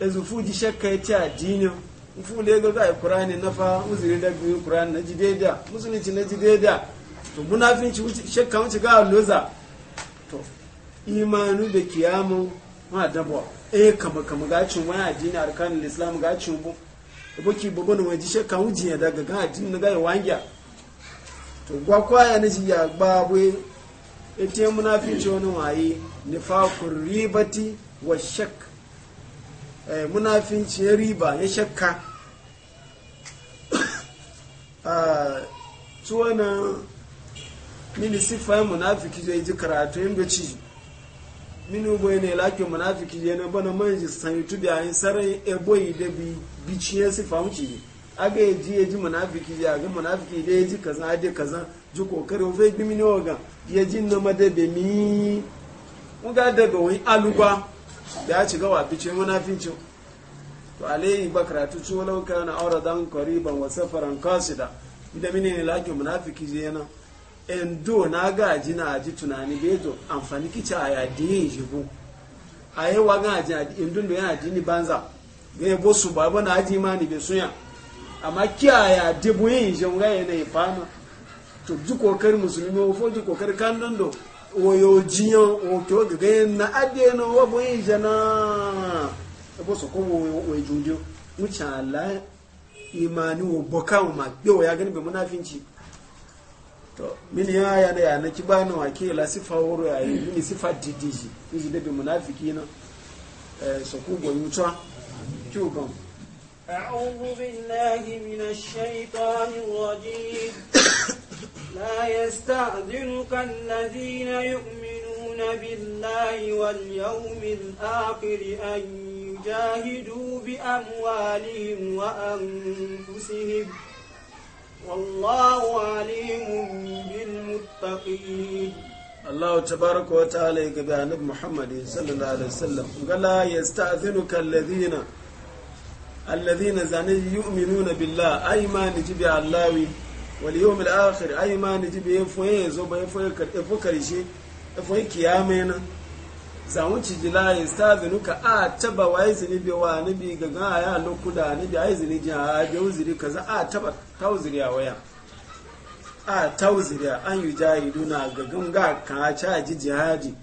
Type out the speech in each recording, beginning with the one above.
ezufu ji shakka ya ce addinin fu da ya ga zai kurani na fa uzuri da biyu kurani na ji daida musulunci na ji daida to fi shakka wuce ga loza to imanu da kiyamu ma dabwa eh kama kama ga cin wani addini rikanin islam ga cin bu boki bobo na ji shakka wuce ya daga ga addini na gaya ya wangiya to gwakwaya na ji ya gbabwe ita e munafinci wani waye nifakun ribati wa shakka Eh, munafincin riba ya shakka tuwanan ah, mini siffayin munafiki zai ji karatu yin da ci mini uboyi ne lafiya munafiki ya na bana manji san youtube yayin sarai eboyi da biciyar siffa wuce aga ya ji ya ji munafiki zai aga munafiki da ya ji kaza ade kaza ji kokari ofe bi mini ya ji na madadabi muga daga wani alugba ya ci gawa fice munafincin to alayhi ba karatu ci walau kana auradan qariban wa safaran qasida idan mini ne laki munafiki je yana en do na ji na ji tunani do amfani kici a yadi jibu a yi wa ga aji en dun da yana ni banza Be bo su ba ba na aji ma ni be suya amma ki kiyaya dibu yin jinga ne ifama to ji kokari musulmi ko ji kokari kan dondo woyo jiyan oge gege na adie no wabo ije na ebo so ko we jundio mucha la imani wo boka ma gbe wo ya gani be munafinci to mini ya ya da ya na kibano la sifa woro ya ni sifa didiji ni de be munafiki na eh so ko go yucha kyugon أعوذ بالله من الشيطان الرجيم لا يستعجلك الذين يؤمنون بالله واليوم الآخر أن يجاهدوا بأموالهم وأنفسهم والله عليم بالمتقين الله تبارك وتعالى يقبع النبي محمد صلى الله عليه وسلم قال لا يستأذنك الذين الذين زاني يؤمنون بالله أي ما نجيب الله wal yawm al akhir ay ma ni jibe en foye zo ba en foye ka fo karshe en foye kiyama na za mu ci jila istazinu ka a taba wa zini bi wa ni bi ga ga ya lokuda ni bi zini ji a bi uziri kaza a taba tauziri a waya a tauziri an yujahiduna ga ga ka cha ji jihadi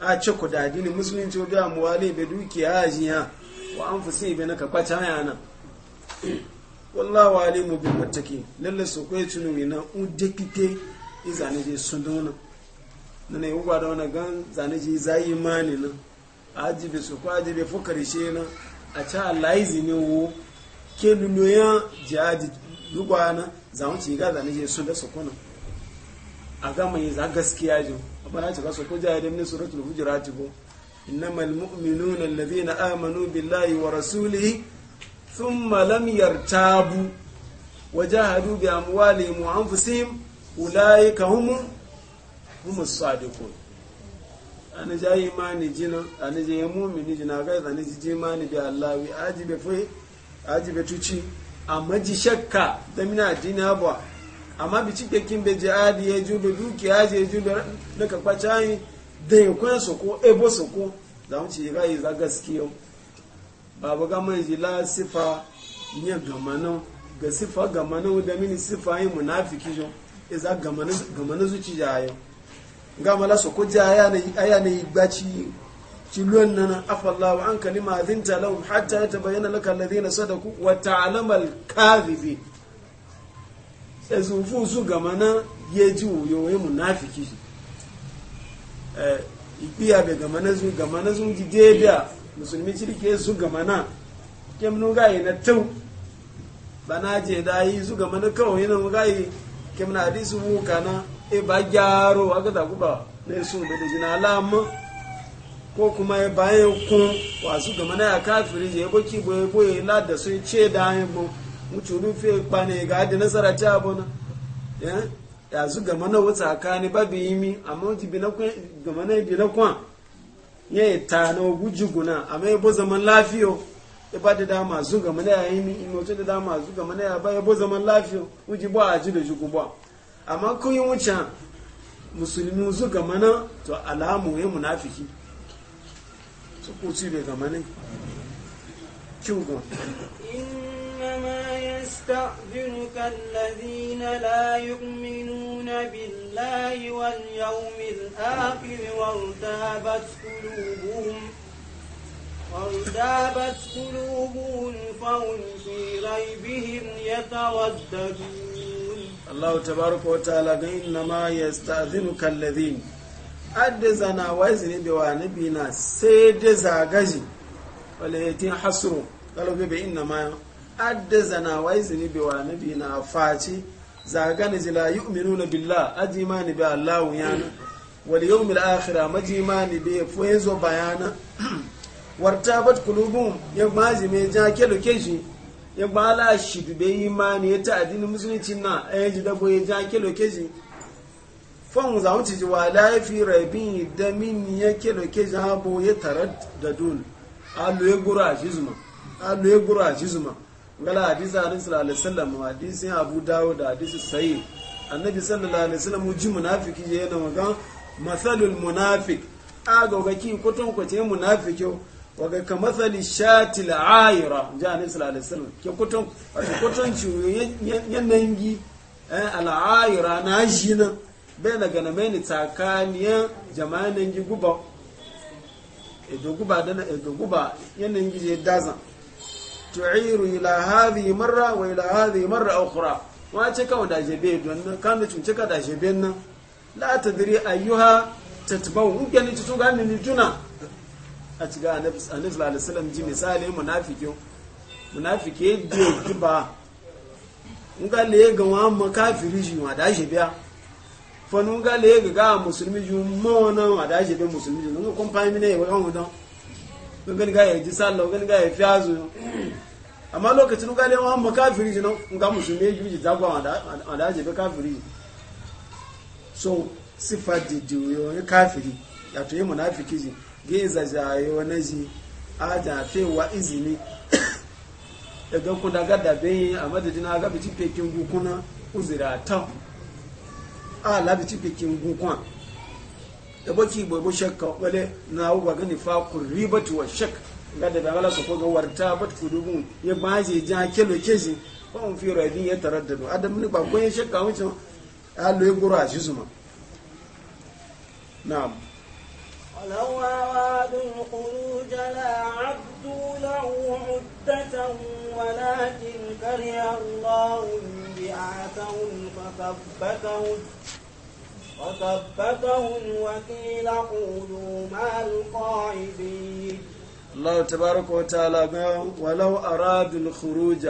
a ci kudadi ne musulunci da muwali be dukiya jiya wa an fusi be na ka kwata yana wallahu alimu bil muttaqin lalle su kai tulumi na un dekike izane je n'a na ne uba da wani gan zane je zai na aji ajibe su aji ajibe fukari she na a ta Allah ne wo ke luloya na. Za mu ci ga zane je sunda su kuna a ga mai za gaskiya ji amma na ci ga su ko jaji ne suratul hujurat go innamal mu'minuna alladhina amanu billahi wa rasulihi thumma lam waje wajahadu bi amwalihim wa anfusihim ulaika hum hum as-sadiqun ana ja imani jina ana ja mu'mini jina ga ana ji ji ma ni bi Allah wi ajibe fe ajibe tuci amma ji shakka da mina addini abwa amma bi cike kin be jihadi ya ju be dukiya je ju da ka kwacayi da yakon su ko ebo su ko mu ci ga yi za gaskiya babu gama ji la sifa nye gamano ga sifa gamano da mini sifa yi munafiki jo iza gamano gamano zuci jayo gama la so ko aya ne aya ne igbaci ci luwan nan afallahu an kalima adinta lahum hatta yatabayyana laka alladhina sadaku wa ta'lama al-kadhibi ezufu su gamana yeji uyo ye munafiki eh ipiya be gamana zu gamana zu ji debiya musulmi cirke su gama na kem nun gayi na tau ba na je da yi su gama na kawai nan gayi kem na hadisu muka na e ba gyaro aka da kuba na su da jina alamu ko kuma ya bayan kun Wa gama na ya kafiri je bo ki boye boye la da su ce da yin bo mutu rufe kwane ga da nasara ta abona eh, ya su gama na wuta kani babu yimi amma wuti bi na kwan ye ta na guji guna mai yabo zaman lafiyo ya ba da dama zu ga mana ya yi imoto da dama zu ga mana ya ba yabo zaman lafiyo guji ba a ji da jugu ba amma kun yi wuce musulmi zu ga mana to alamu ya munafiki su kuci bai ga mana kyugun إنما يستأذنك الذين لا يؤمنون بالله واليوم الآخر وارتابت قلوبهم وارتابت قلوبهم فهم في ريبهم يترددون الله تبارك وتعالى إنما يستأذنك الذين adda zana wazini da wani bina sai da zagaji wale yatin hasro galobe bai inna ma adda zana wai bi wa nabi na faci zaga gane zila yi umiru billah ma ni bi allahu yana wal yau mil ji ma ni bi fuhin zo bayana warta bat kulubun ya maji mai ja kelo keji ya bala shi dube imani ya ta adini musulunci na ya eh, ji dabo ya ja kelo keji fon za mu ji wa fi rabin da min ya kelo keji abu ya tarar da dun a lo ya gura a a lo ya gura a ngala hadisa annabi sallallahu alaihi wasallam hadisin abu dawud hadisi sayi annabi sallallahu alaihi wasallam ji munafiki je yana maga masalul munafik a ga ki kuton ko ce munafiki waga ka masali shati al'ayra ja annabi sallallahu alaihi wasallam ke kuton kuton ci yanayin gi eh, al'ayra na jina bai na gana mai ni tsakaniyan jama'an gi guba edo guba dana edo guba yanayin gi je dazan tu'iru ila hadhihi marra wa ila hadhihi marra ukhra wa ce kawo da jebe don kan da cunce ka da jebe nan la ta tadri ayyuha tatbau ugani tutu ga ni juna. a ciga annabi sallallahu alaihi wasallam ji misali munafikin munafike je kiba nga le ga wa makafiri ji wa da jebe fa nun ga le ga musulmi ji mo na wa da jebe musulmi ji nun ko pamine wa on don gani ga yaji sallah gani ga yafi azu amma lokacin ga lewa amma kafiri jino ga musulmi ji ji zagwa wanda da ajiye kafiri so sifa didiyo wani kafiri ya to yi munafiki ji geza yi wani ji aja wa izini daga kuna gada bayi a madadin aga ci pekin gukuna uzira ta a la bi ci pekin gukuna da baki bai mu shakka wale na wu ba gani fa ku ribatu wa shak ga da dagala su ko ga warta bat ku dubu ya baje ja kelo keji fa mun fi radin ya taraddadu adam ni ba ko shakka mu cin hallo ya gura shi zuma na'am ولو أرادوا الخروج لأعدوا له عدة ولكن كره الله بعاثهم فثبتهم وثبتهم وقيل قولوا مع القاعدين الله تبارك وتعالى ولو أرادوا الخروج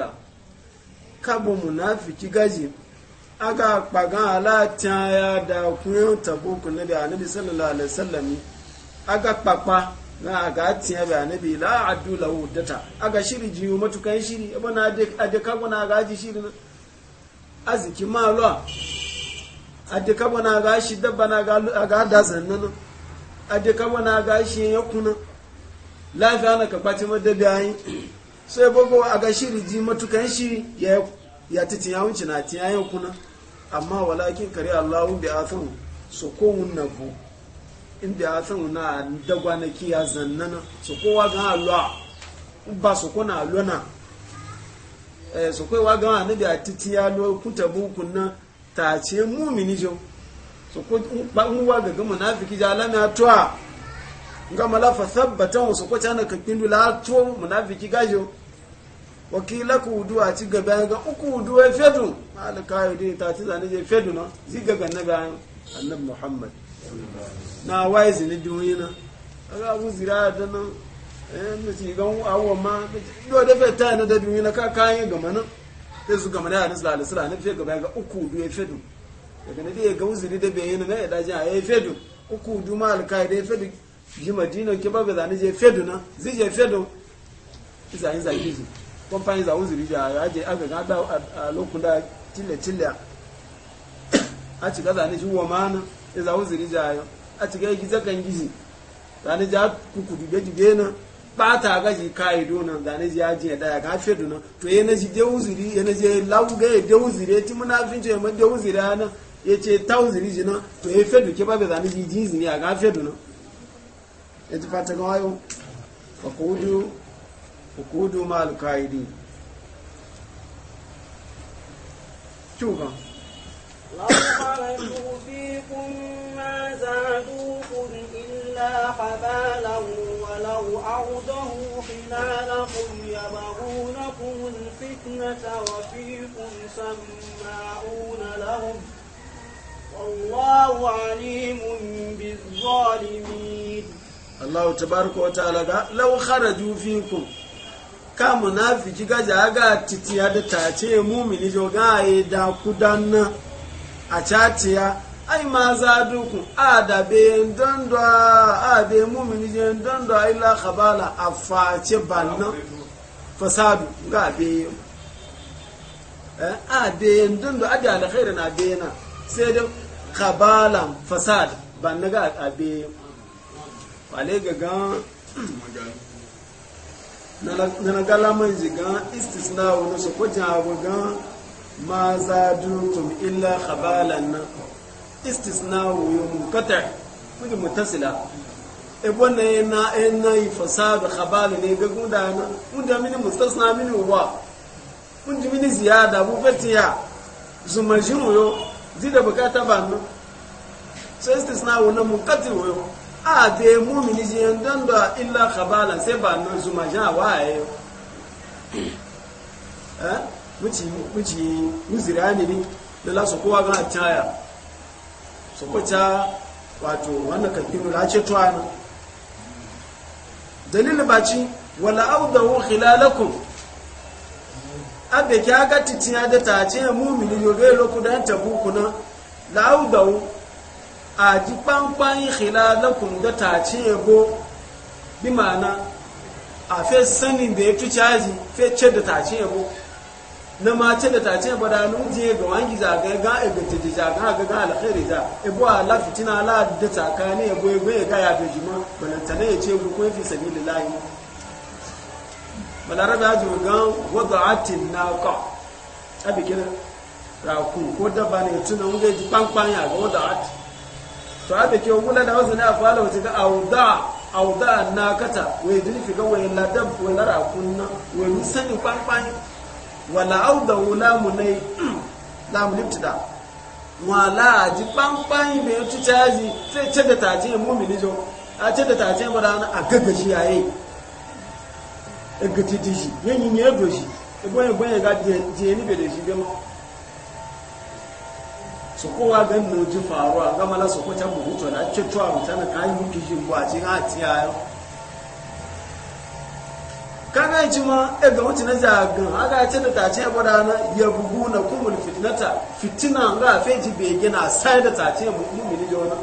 kabo munafiki gaji aga kpagan alatiya ya da kunyin tabuku na biya nabi sallallahu alaihi wasallam aga kpakpa na aga tiya biya nabi la addu lahu data aga shiri jiyu matukan shiri abana ade kago na aga ji shiri aziki malwa ade kama na ga shi dabba na ga da zannan ade kama na ga shi ya kuna lafiya na ka kwace madda bayan so ya bogo a ga shiri ji matukan shi ya ya titin ya wuce na tiya ya kuna amma walakin kare Allahu bi athu so ko na bu in bi athu na da gwanaki ya zannan so kowa ga Allah ba so ko na Allah na eh so kowa ga annabi a titin ya lo kutabu kunna ta ce mumini jo so ko wa ga ga munafiki ja la na tuwa ga mala fa sabbata so ko ka kindu la to munafiki ga jo wakila ku duwa ci gaba ga uku duwa e fedu ala kayo dai ta ci zane je fedu na zi gaga na ga annabi muhammad na zini duniya zira da nan eh mu ci ma do da na da duniya ka kayan su gama da da lalu sura nafi gaba ga uku du ya fedu daga nafi ya ga uzuri da bayyana na ya daji a ya fedu uku du ma alkai da ya fedu ji madina ke ba zane je fedu na zai je fedu isa yin zaki ji kwamfani za uzuri ja ya je aka gada a lokun da cille cille a cika zane ji wa mana ya za uzuri ja a cika yi gizakan gizi zane ja kuku dube dube bata ga ji kai da ne ji yaji ya ga fe donan to ye ne ji de uziri ye ne ji lawu ga de uziri ti munafin je mun de uziri ana ye yace ta uziri jina to ye fe duke babe zane ji ji ni ga fe e ti pata ga wayo fakudu fakudu mal kaidi شوفا لو ma فيكم ما زادوكم إلا إلا حبالا ولو أعوده حلالكم يبغونكم الفتنة وفيكم سماعون لهم والله عليم بالظالمين الله تبارك وتعالى لو خرجوا فيكم ka munafiki gaja ga titiya da ta ce mumini jo ga da kudanna a catiya ai ma za dukun a da bayan don da a bayan mumini jen don da ila kabala a face bannan fasadu ga bai eh, a bayan a da alkhairu na na sai dai kabala fasad bannan ga a bayan wale ga gan na na gan jigan istisna wani su kwajin abu gan ma za dukun illa kabalan nan istisnawu ya munkata kuji mutasila e bonna e na e na yi fasada khabali ne ga gunda na gunda mini mustasna mini wa kunji mini ziyada bu fatiya zumajin yo zida bukata ba no so istisnawu na munkati yo a de mumini jiyan dan da illa khabala sai ba no zumajin wa ayo e eh muci muci uzirani ni da lasu kowa ga caya. su kuta wato wannan kafiru da ce tuwanu dalilin baci wala audawu khilalakum abe ki titi titiya da ta ce mumini yobe lokudan tabuku na la audawu a ji pampayin khilalakum da ta ce bo bi mana a fe sanin da ya tuci aji fe ce da ta ce bo na mace da tace badanu je ga wangi zaga ga ga tije e zaga ga ga alkhairi za e bo ala fitina ala da takane e bo e, e ga ya bejima balantane ya ce ku kai fi sabilillahi balarabe ya jiwa gan wada'atin naqa abi kira rakun ko dabba ne tuna wanda ji pankpan ya ga wada'at to abi ke wula da wasu ne a fara wace ga auda auda kata wai dini ga wai ladab wai rakun na wai sani pankpan wala audahu lamu nai lamu liftida wala ji pampayin bai yanci caji sai ce da taje mumini jo a ce da taje a gaggashi yayi egeti dishi yanyi ne edo shi ebo ebo ya e e e ga je shi bema so ko wa ji faruwa ga mala so ko ta na ce to a mutana kai kaga yace ma e ga mutuna zagan aga ce da tace ya bada na ya bugu na kumul fitnata fitina ga fe ji be gina sai da tace ya bugu mini jona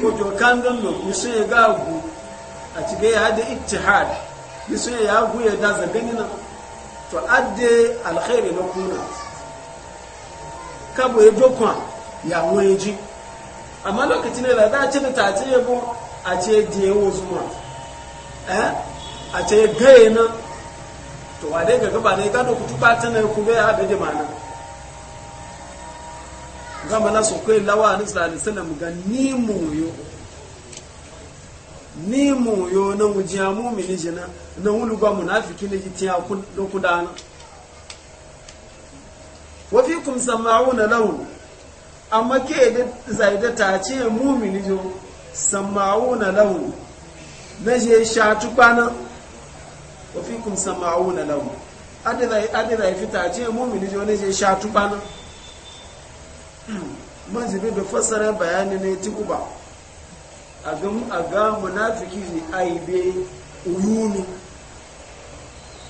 ko to kan don lo musu ya ga gu a cike ya da ittihad musu ya gu ya da zagani na to adde alkhairi na kuna kabo ya dokwa ya ji amma lokacin da za a ce da tace ya bu a ce diye wasu ma eh a ce gaya nan to wa dai gaga ba ne gano kutu tuba ta nan ku gaya da da mana gama na su kai lawa ni sallallahu alaihi wasallam ga ni moyo ni moyo na wujiya mu'mini jina na wuluga munafiki ne jitiya ku kudana wa fikum sama'una lahu amma ke da zaida ta ce mu'mini jo sama'una lahu na je sha na. wa fikum sama'una lahum adira adira fita ce mu'mini jo ne je sha tubana manzibe da fassara bayani ne tikuba a ga a ga munafiki ne aibe uyunu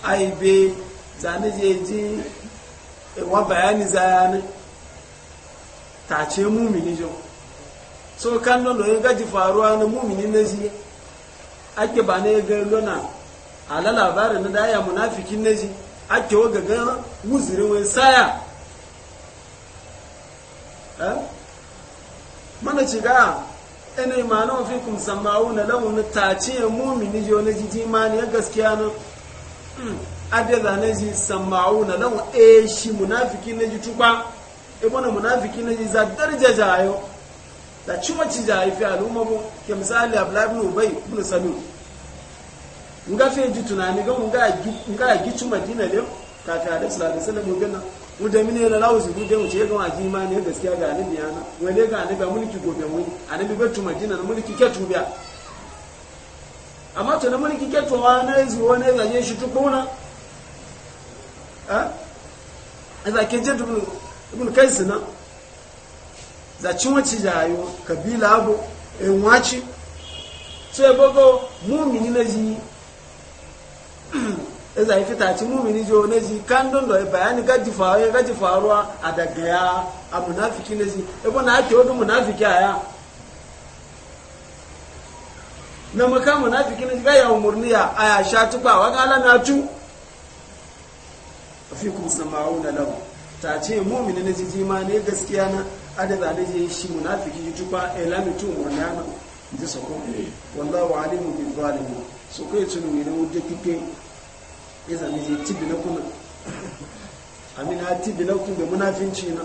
aibe zane je wa bayani zane ta ce mu'mini so kan lo gaji faruwa na mu'mini ne ake ba lona ala labarin na daya munafikin na ji ake wa gaga wuzirin wani saya mana ci ga ina imanin fi kun Sambawu, na launin ya mumi mumini yau na jiji imani ya gaskiya nan hmm. adada na ji samawu na launin e shi munafikin na ji tukwa ibana e, munafikin na ji za darja jayo da cimaci jayi fi al'umma mu ke misali abu labin ubai na salu. nga fe ji tunani ga nga nga gi chu madina le ka ta da sallallahu alaihi wasallam na mu da mine la lawzi mu da mu ce ga wa ji ma ne gaskiya ga annabi yana wale ga annabi mulki gobe mu annabi ba tu madina mulki ke tu biya amma to na mulki ke to wa na wa ne ga shi tu kuna a za ke je ibn mun kai na za ci wace jayo kabila abu en waci sai e gogo mu mini na ji za yi fita ci mumini jo na ji kan don da bayani gaji faruwa gaji faruwa a daga ya a munafiki na ji ebo na ake wani munafiki a ya na maka munafiki na ji ga ya umurni ya a ya sha tukwa wa gala na tu a fi kusa samawu na lau ta ce mumini na ji ji ma ne gaskiya na adada na ji shi munafiki ji tukwa elamitu umarni ya na ji sako wallahu alimu bi zalimu so kai tunu ne na wuce kike ya zami je tibi na kuna amina tibi na kun da munafinci na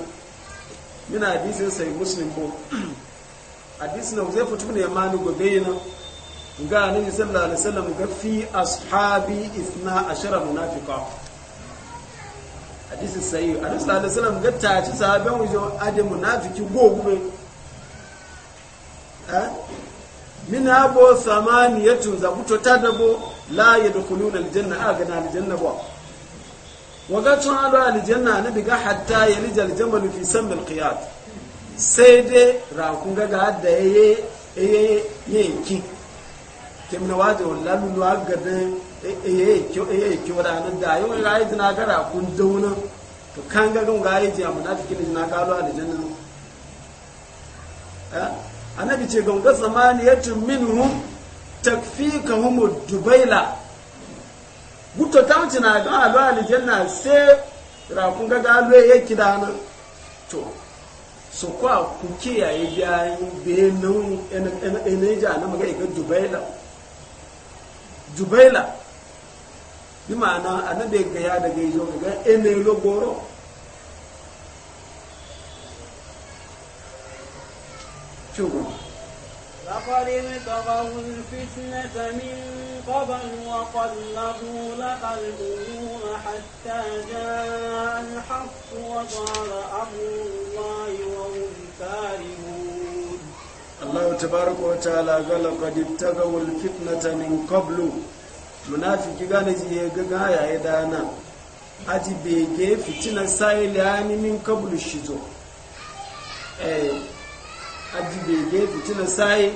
mina hadisin sai muslim ko hadisin na zai fito ya mani ni gobe na ga annabi sallallahu alaihi wasallam ga fi ashabi isna ashara munafiqa hadisi sayi annabi sallallahu alaihi wasallam ga taci sahaben wujo ade munafiki gobe eh mina bo samaniyatun zabuto tadabo la yadkhuluna aljanna agana aljanna ba waga tun ado aljanna na biga hatta yalija aljamal fi sam alqiyat sai dai rakun ga da yaye yaye yanki kemna waje wallahi lu aga da yaye kyo yaye kyo da nan da yau ga yi na ga kun dauna to kan ga gun ga yi ji amma na fikin na ga lo aljanna eh annabi ce gonga zamaniyatun minhum takfika homo dubaila ta tamci na ga alu alijanna sai rakun gaga galo ya kida na to so kwa ku kiyaye biyayi be nan ene ja na maga iga dubaila dubaila bi ma'ana annabi ga ya daga yizo ga ene logoro goro لقد ابتغوا الفتنة من قبل وقلبوا لك الأمور حتى جاء الحق وصار أمر الله وهم كارهون الله تبارك وتعالى قال لقد ابتغوا الفتنة من قبل منافق قال زي ya ga gaya بيجي dana aji bege fitinan sa'ili min aji bege fitinan sai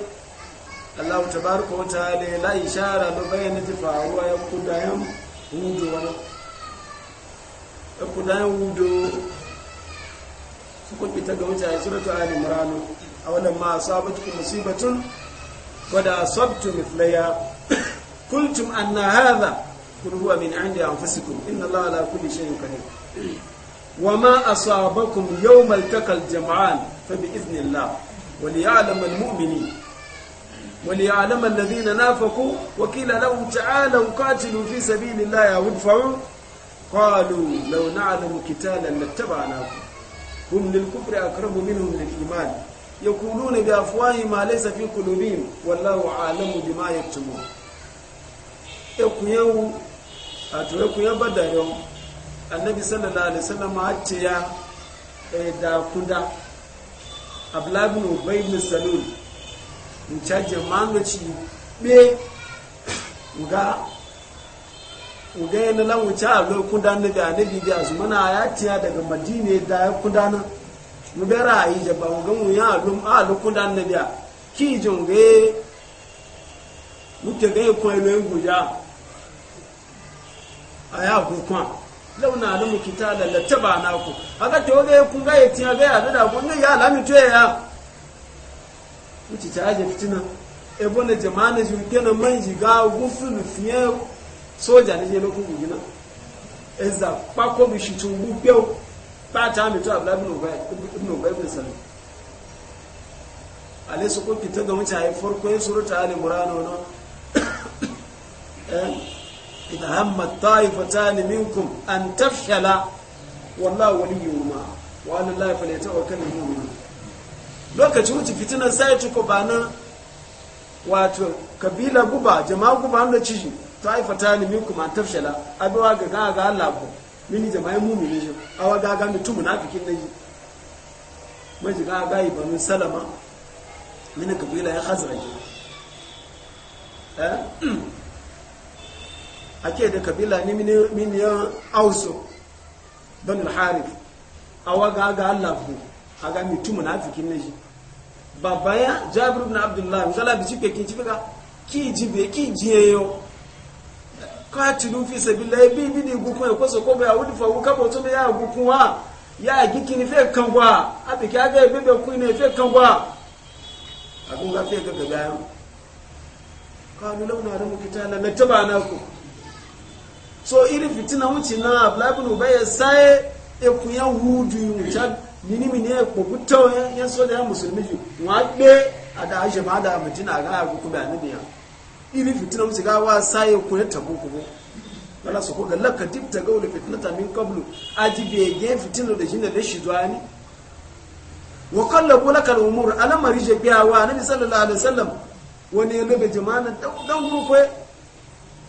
Allah ta baraka wata ne la ishara lo bayyana ta faruwa ya kudayen wudo wani ya kudayen wudo su kun fita ga mutane suratu ali imran a wannan ma asabatu musibatun wada asabtu mithlaya kuntum anna hadha kun huwa min indi anfusikum inna allaha ala kulli shay'in qadir وما أصابكم يوم التقى الجمعان فبإذن الله وليعلم المؤمنين وليعلم الذين نافقوا وكيل لهم تعالوا قاتلوا في سبيل الله أو قالوا لو نعلم كتالا لاتبعناكم هم للكفر أقرب منهم للإيمان يقولون بأفواههم ما ليس في قلوبهم والله عالم بما يكتمون يقول يقول يوم النبي صلى الله عليه وسلم أتيا دا كندا abdullahi bai ni salon in cajin mangaci ci be uga uga yana lan wuce a lo kuda na ga nabi ga su mana ya tiya daga madina da ya kudanar, na mu ga ra'ayi da ba uga mu ya lo a lo kuda da ga ki ji mu te ga ko yin guja a ya kwa launa na mu kita lallata ba na ku haka to ga kun ga yi tiya ga yadda da kun ya lami to ya wuce ta aje fitina e bona jama'a na ju kenan man jiga gufulu fiye soja na je lokun gina eza pako bi shitu gubeo pata mi to abla ibn ubay ibn ubay ibn salim ale su ko kita ga mutane farko ya e al-imran no eh إذا هم الطائفتان منكم أن تفشل والله الله lokacin wuce fitinan sai ci ko ba nan wato kabila guba jama'a guba da ciji ta haifa ta nemi kuma tafshala abuwa ga ga ga Allah ko mini jama'a mumini shi awa ga mutum munafikin nan yi maji ga ga salama mini kabila ya khazraj eh ake da kabila ne miniyan auso don alharif awa ga ga allafu a ga mitu munafikin na shi babba ya jabir ibn abdullahi misala bi ci pekin ci fika ki jibe ki jiyeyo katilu fi sabilillah bi bi di gukun e ko so ko ba wudi fa wuka bo to ya gukun wa ya gikini fe kan gwa abi ka ga be be kun ne fe kan gwa abun ga fe ga ga ya kanu launa da mu kitala na tabana ku so iri fitina wuce na abulabin uba ya saye ekun ya hudu wuta nini mini ya kpogu tau ya so da ya musulmi ji wa gbe a da ashe ma da mutum a gaya kuku da ni biya iri fitina wuce gawa sai kun ya tabo kuku wala su koga laka dip ta gaule fitina ta min kablu aji bege fitina da shi da shi zuwa ni wa ko laka umur alamari je biya wa nabi sallallahu alaihi wasallam wani ya lobe jama'a na dan gurkwai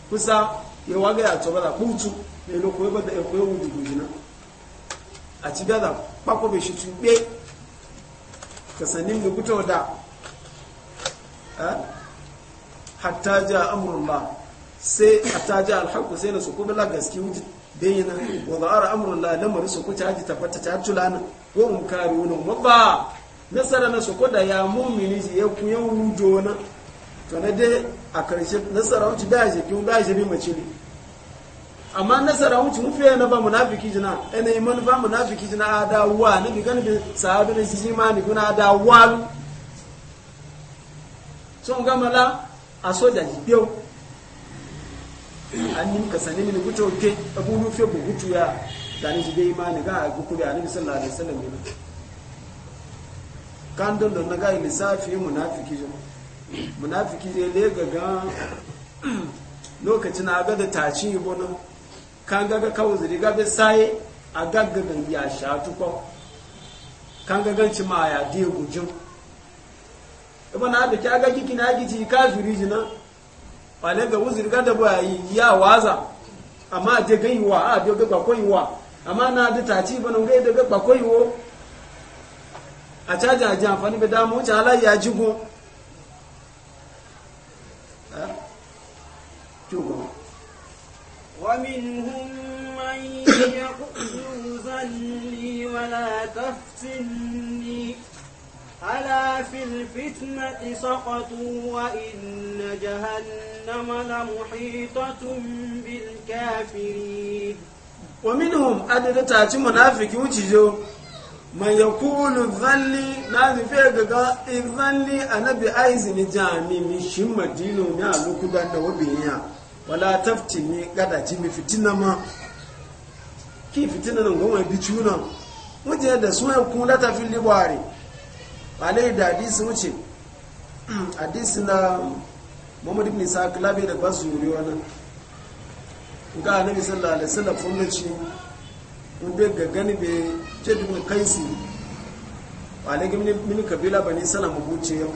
kusa ya waga ya tsoba da kutu ne lo koyo da koyo wudu gujina a ci gaza kpako be shi tube ka sanin da guto eh? da hatta ja ba sai hatta ja alhaqu sai na su kuma la gaskiya bayyana wa za'ara amrullah lamar su kuta ji tabbata ta tulana wa um kariyun mabba nasara na su koda ya mu'mini ya ku yau jona to na dai a karshe nasara wuce da yaje kiwu da ya bi mace ne amma nasara wuce mu fiye na ba munafiki jina ina yi manufa munafiki jina a da wa ni bi gani bi sahabi na shi ma ni kuna da wa sun gama la a soja ji biyu an yi ka sani mini guto ke abu nufe bu gutu ya da ni jide imani ga a guku a nufi sallallahu da wasallam ne kandun don na ga lissafi munafiki jina munafiki ne ne gaga lokacin aga da taci bonan kan gaga kawo zuri gabe sai a gaggagan ya sha tukwa kan gagan ci ma ya diya gujin ibi e na da kya gagi na gici ka zuri jina wane ga wuzuri gada da ba ya waza amma je ga yiwa a biyo gaba koyi wa amma na da taci bonan gai da gaba koyi wo a a ji amfani da damu wuce halayya jigo ومنهم من يقول زني ولا تفتني ألا في الفتنة سقطوا وإن جهنم لمحيطة بالكافرين ومنهم أدد تاتي منافق وتجو من يقول ذلي نادي فيغا إذن لي أنا بأيزن جامي من شمدين ونالو كدان وبينيا wala tafti ni kada ji mi fitina ma ki fitina nan goma bi tuna muje da sunan kun lata fil libari wale da hadisi wuce hadisi na Muhammad ibn Isa labe da basuri wannan ga annabi sallallahu alaihi wasallam ci mun be ga gani be kai su wale alaikum min kabila bani salam buce yau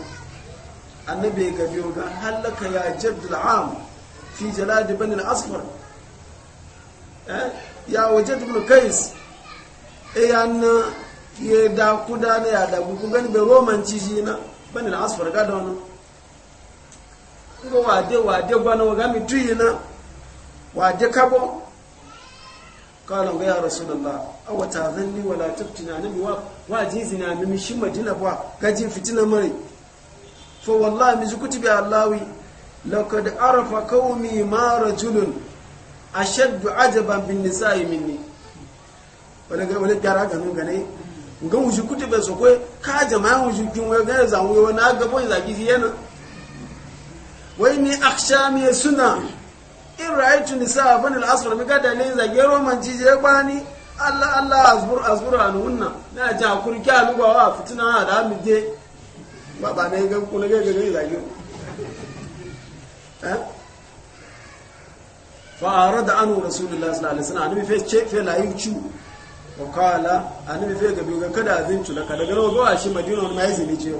annabi ga biyo ga halaka ya jaddul am fi jaladi bani al-asfar ya waje ibn kais e ya na ya da kuda na ya da gugu gani bai ci na ga ko wade wade gwana wa gami tuyi na wade kabo kala ya rasulullah ta zanni wala wa wajizina min shi madina ba fitina mai fa wallahi mi zukuti bi allawi لقد عرف قومي ما رجل أشد عجبا بالنساء مني wani gyara ganin gane ga wuce kuti bai so kwai ka jama'a wuce kin wai ga zanwe wani aga boy zaki shi yana wai ni aksha me suna in ra'aytu nisa ban al-asr mi gada ne man roman jije bani Allah Allah azbur azbur anunna na ja kurki alubawa fitina da mi je ba ba ne ga kula ga ga fa'arar da anu rasulullah sallallahu alaihi wasallam annabi fe ce fe la yucu wa qala annabi fe gabi ga kada azincu laka kada rawa ga shi madina wani mai zini ce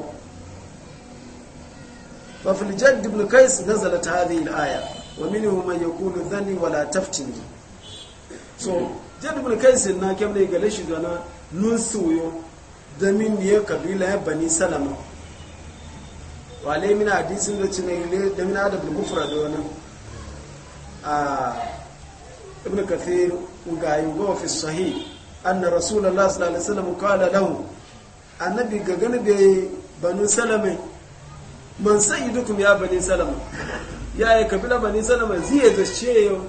fa fil jadd ibn qais nazalat hadhihi al-aya wa minhum man yakunu dhanni wala la taftini so jadd ibn qais na kemle gale shi zana nun suyo da min kabila ya bani salama wale mina hadisin da cina ne da mina da bulgufra da wani a ibn kathir ga yi gowa fi sahih anna rasulullah sallallahu alaihi wasallam qala lahu annabi ga gani be banu salama man sayyidukum ya bani salama ya yi kabila bani salama zai da ce yau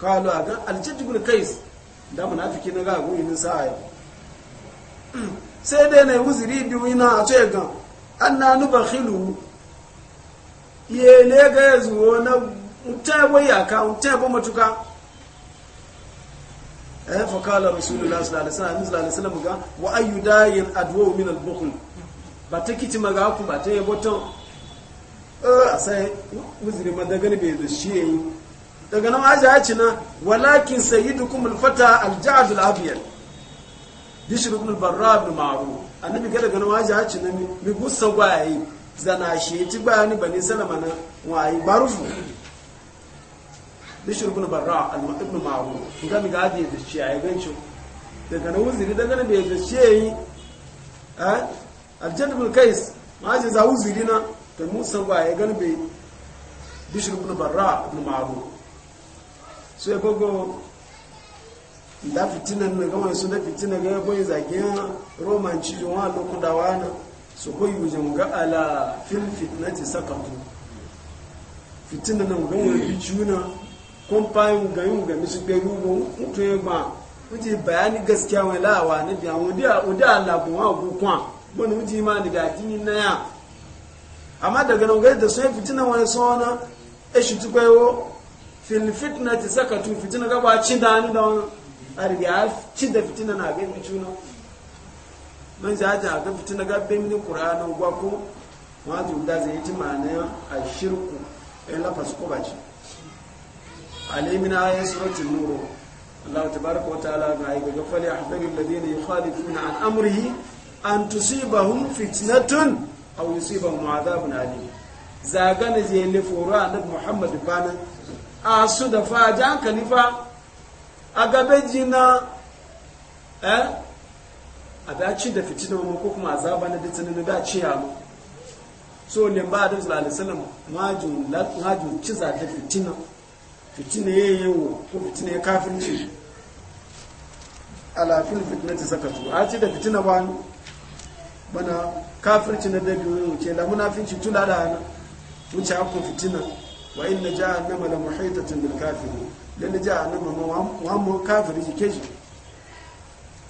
kalu a ga aljajjibin kais da munafiki na ga guyi nisa yau sai dai na yi wuziri biyu na a ce gan anna nubakhilu yele ga yazuwo na mutabo yaka mutabo matuka eh fa kala rasulullahi sallallahu alaihi wasallam ga wa ayu dayin adwa min al-bukhl ba ta kiti maga ku ba ta yabo to eh, a sai muzri madagal bai da shi yayi daga nan aja ya ci na walakin sayyidukum al-fata al-ja'd al-abyad bishr ibn al-barra ibn ma'ruf annabi kada gana waje haci na mi gusa gwaye zana shi ti ni bani salama na waye barufu da ibn barra al-ibn ma'ruf ga mi ga da shi ayi gancho daga na wuziri da gani bai da shi yayi yi. Eh, al-jad kais ma ji za wuziri na to musa gwaye ga bai da ibn barra ibn Su sai gogo da fitinan na gama su na fitina ga yabo yi zagiyan roman cijin wa lokun da wani su koyi wujin ga ala fil fitnati sakatu fitina na ga bi juna kun fayin ga yin ga misu gbe rubu mutu ya ba wuce bayani gaskiya wani lawa na biya wadi alabu wa gukwa wani wuce ma daga jini na ya amma daga nan gaji da sun fitina wani sauna ya e shi tukwayo fil fitnati sakatu fitina gaba cin da hannu da wani har ya ci da fitina na ga bicuna man za ta ga fitina ga bai mini qur'ani gwa ko ma ju da zai yi ma'ana a shirku in la fasu ko baci alimina ayat suratul nur Allah tabaraka wa ta'ala ga ai ga fali ahbari alladhina yukhalifuna an amrihi an tusibahum fitnatun aw yusibahum na alim zagana zai le a annabi Muhammad bana asu da fa jan kalifa agabe jina eh a da ci da fitina mu ko kuma azaba na da na da ci ya mu so ne ba da sallallahu alaihi wasallam majun la ci za ta fitina fitina yayi yawo ko fitina ya kafirci ala fil fitnati sakatu a ci da fitina ba bana kafirci na da biyu ce la munafinci tun da wuce akon fitina wa inna jahannama la muhitatin bil kafirin dan ji annabi ma wa mu kafiri ji keji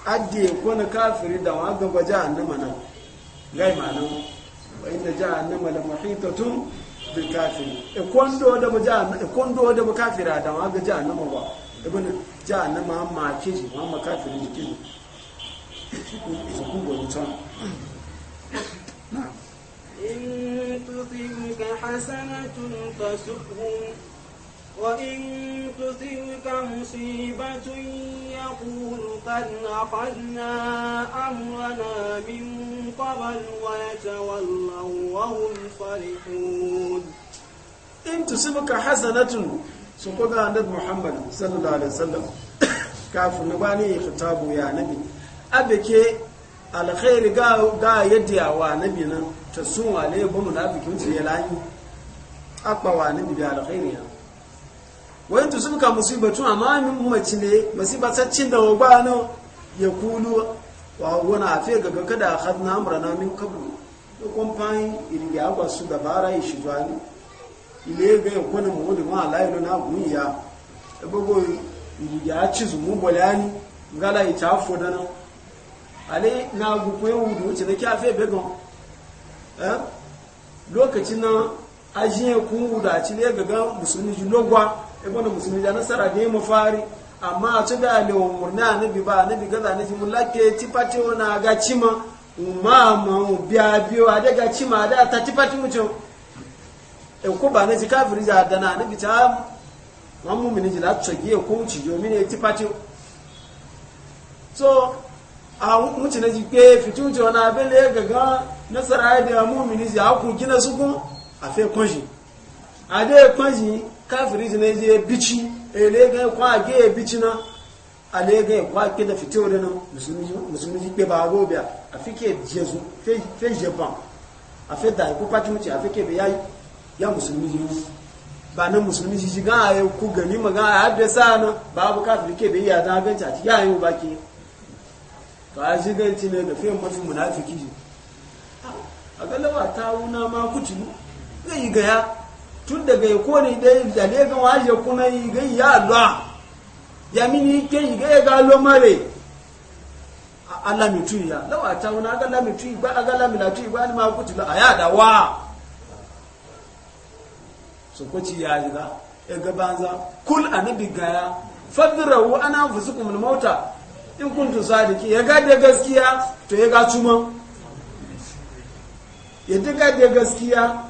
adde ko na kafiri da wa ga ba annabi nan gai ma nan wa inda ja annabi la muhitatun bil kafiri e kondo da ba e kondo da kafira da wa ga ji annabi ba ibn ji annabi ma keji kafiri ji keji ku go in hasanatun tasuhum وإن تسلك مصيبة يقول قد أخذنا أمرنا من قبل ويتولوا وهم فرحون إن تصيبك حسنة سقط عند محمد صلى الله عليه وسلم kafin a bani khitabu ya nabi abike alkhairi ga ga yadiya wa nabi nan tasun wale bu munafikin ce ya layi akwa wa nabi bi alkhairi wayan tu suka musibatu amma min mace ne masiba cin da wagba no ya kulu wa wana afi gaga kada khadna amrana min qablu to kompan iriga agwa su da bara yi shijwani ile ga yakuna mu da ma lailo na gunya ebogo iriga aci zu mu bolani ngala ita foda no ale na gukwe wudu ce ne kafe begon eh lokacin na ajiye kun da ci ne gaga musulmi logwa ibn musulmi da nasara da mu fari amma a ci da ne murna na bi ba na bi gaza na fi mulake ti pati ona ga cima umma ma biya biyo a daga cima da ta ti pati mutum e ko ba na ci kafiri da dana na bi ta mamu mini ji la tsogi e ko ci jo mini ti pati so a ci na ji pe fitu jo na bele gaga nasara da mu mini ji a ku gina su ko a fe konji a dai konji kafiri ne je bici a eh, ga kwa ge bici na ale ga kwa ke da fito da nan musulmi musulmi kpe ba a, fi ke jesu fe fe a afe da ku mutu a fi ke yayi ya musulmi ji ba nan musulmi ji ga ayo ku gani ma maga hadda sana babu kafiri ke be ya da ganci a ci yayi ba ke to a ji ganci ne da fe mafi munafiki ji a galawa ta wuna ma kutulu zai yi gaya tun daga ya kone da ya ne ga waje kuma yi ga yi yadda ya mini ke yi ga ga lo A Allah mi ya lawa ta wani aga Allah tuyi ba aga Allah mi tuyi ba ni ma kuti la aya da wa su ko ya yi da ya ga banza kul nabi gaya fadrahu an anfusukum kuma mota in tun sadiki ya ga da gaskiya to ya ga tuma ya ga da gaskiya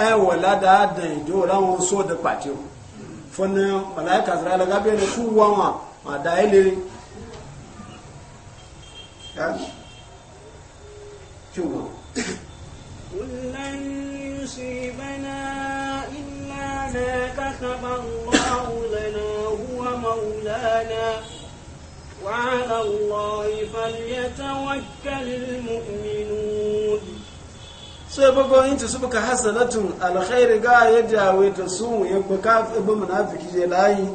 ai wala da da jo ran so da kwace fon malaika zara ga be ne ku wa ma da ile ya ku kullan yusibana illa ma kataba Allah lana huwa maulana وعلى الله فليتوكل المؤمنون so ya bago yin su buka hasanatun alkhairi ga ya jawo ta su ya buka ibu munafiki je layi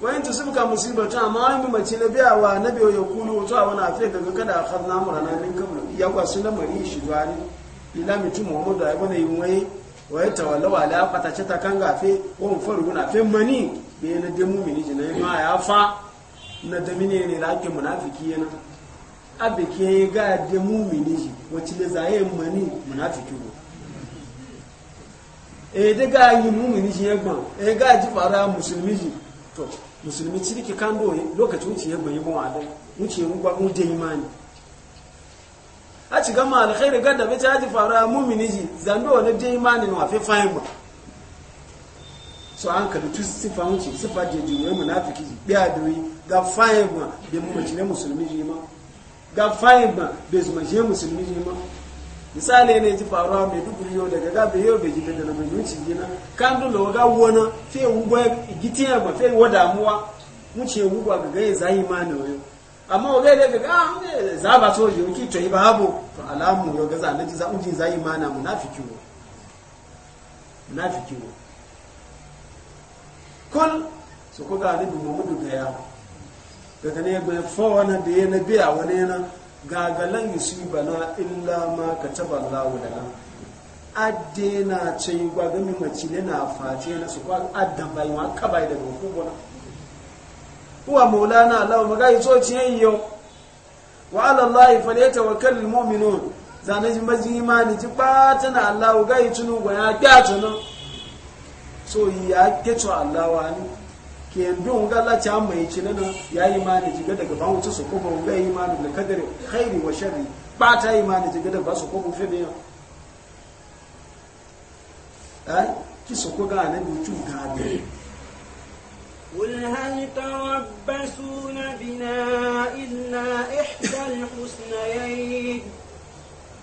wa yin su buka musibatu amma an bi mace na biya wa na biyo ya kulu wato a wani afiya daga kada a kan namura na min kamar ya kwasu na mari shi zuwa ne ila mutum muhammadu ya wani yin waye wa ya tawalla wa la fatace ta kan gafe ko mu faru guna fe mani be na demu mini jinai ma ya fa na damine ne da ake munafiki yana abe ke ga de mumini ji wacce da zaye mani munafiki go e de ga yi mumini ji yagban e ga ji fara musulmi ji to musulmi ci dike kan do lokaci wuce yagban yi bon adam wuce mu gwa mu de imani a ci gama alkhairi ga da bace ji fara mumini ji zando ne de imani no afi fayin ba so an ka tu sifa wuce sifa je juwe munafiki ji biya doyi ga fayin ba da mu mace ne musulmi ji ma ga fayin ba bai zuma je musulmi ne ma misali ne ji faruwa mai duk yau daga ga bai yau bai ji da na mai yuci gina kan dun da ga wona fe wugo gitiya ba fe wada muwa mu ce wugo ga ga zai ma na wayo amma waga da ga ah za ba so je ki to babu to alamu yau ga zan ji za uji zai ma na munafiki wo munafiki wo kul so ko ga ni mu mu ga ya daga ne bai fa wani da ya na biya wani yana gagalan bana illa ma ka taba nan adde na ce yi ga mi mace ne na fati na su kwa addan bai ma ka bai daga maula na maulana Allah magai so ci yau wa ala Allah falyatawakkal almu'minun zane ji maji imani ji batana Allah gai tunu gwa ya gata no so ya keto Allah wa ke yanzu wunga Allah ci an mai cinin ya yi ma imani jiga daga ban wuce su kuma wunga ya yi imani da kadar khairi wa sharri ba ta yi ma imani jiga daga su kuma fi biyan eh ki su ko ga nan mutu ga be قل هل تربصون بنا إلا إحدى الحسنيين